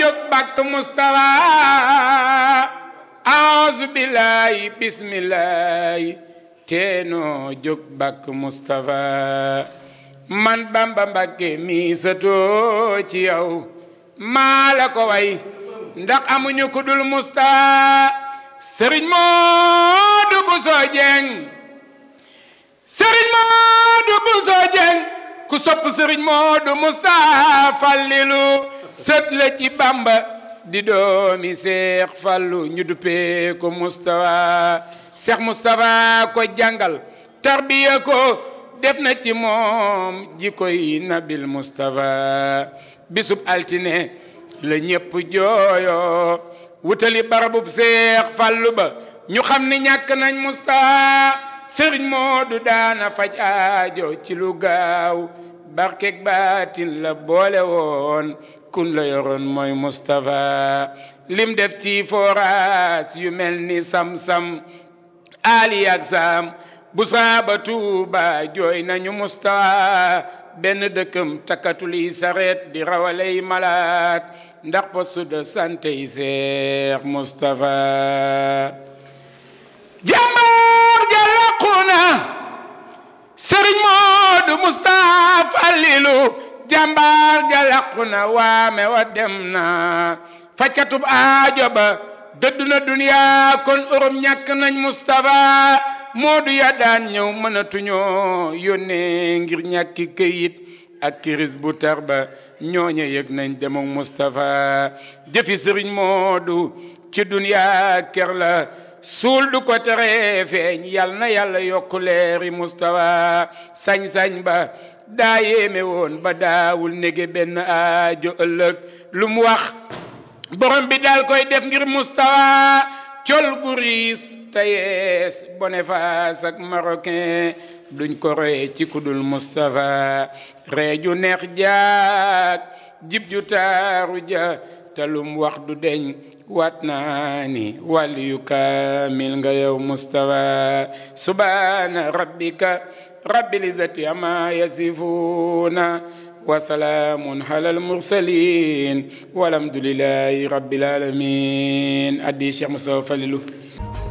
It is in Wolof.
jóg bàkk mustafa aawzu billaahi bismillaahi teenoo jóg bàkk mustafa man bamba mbakke mi satoo maa la ko way ndax ku dul mustafa sëriñ moo du bu soo sopp sëriñ Moodu Mustafaa Fallilu sët ci Bamba di doomi Seex Fallu ñu duppee ko Mustafaa Seex Mustafaa ko jàngal tarbiya ko def na ci moom jikoy nabil Mustafaa bisub altine la ñépp jooyo wutali barabub Seex Fallu ba ñu xam ne ñàkk nañ Mustafaa sëriñ Moodu daana faj aajo ci lu gaaw baatin la boole woon kun la yoron mooy Moustapha lim def ci foraas yu mel ni sam-sam ali ak sam bu saaba tuuba jooy nañu Moustapha benn dëkkam takkatul yi saret di rawaley malaat ndax poste de santé yi Seex sëriñ Moodu Mustafa Lilu jàmbaar ja làqu na waame wa dem na fajkatub aajo ba dëddu na duniyaa kon Europe ñàkk nañ Mustafa Moodu ya daan ñëw mënatuñoo yónnee ngir ñàkki këyit ak kiris bu tar ba ñooña yëg nañ demok Mustafa jëfi sëriñ Moodu ci duniyaa ker suul du ko tere feeñ yal na yàlla yokk leeri mustawa sañ-sañ ba daa yéeme woon ba daawul nege benn aajo ëllëg lu mu wax borom bi daal koy def ngir mustawa col gu riis te yees Boniface ak marocain duñ ko roye ci kudul mustafa reeju neex jaag jib ju taaru ja talum wax du deñ waat naa ni waliyu kaamil nga yow mustawa subhaana rabbika rabbil izzati amma yasifuuna wa salaamun alal mursaliin walhamdulillahi rabbil aalamiin addi Cheikh Moustapha Falilou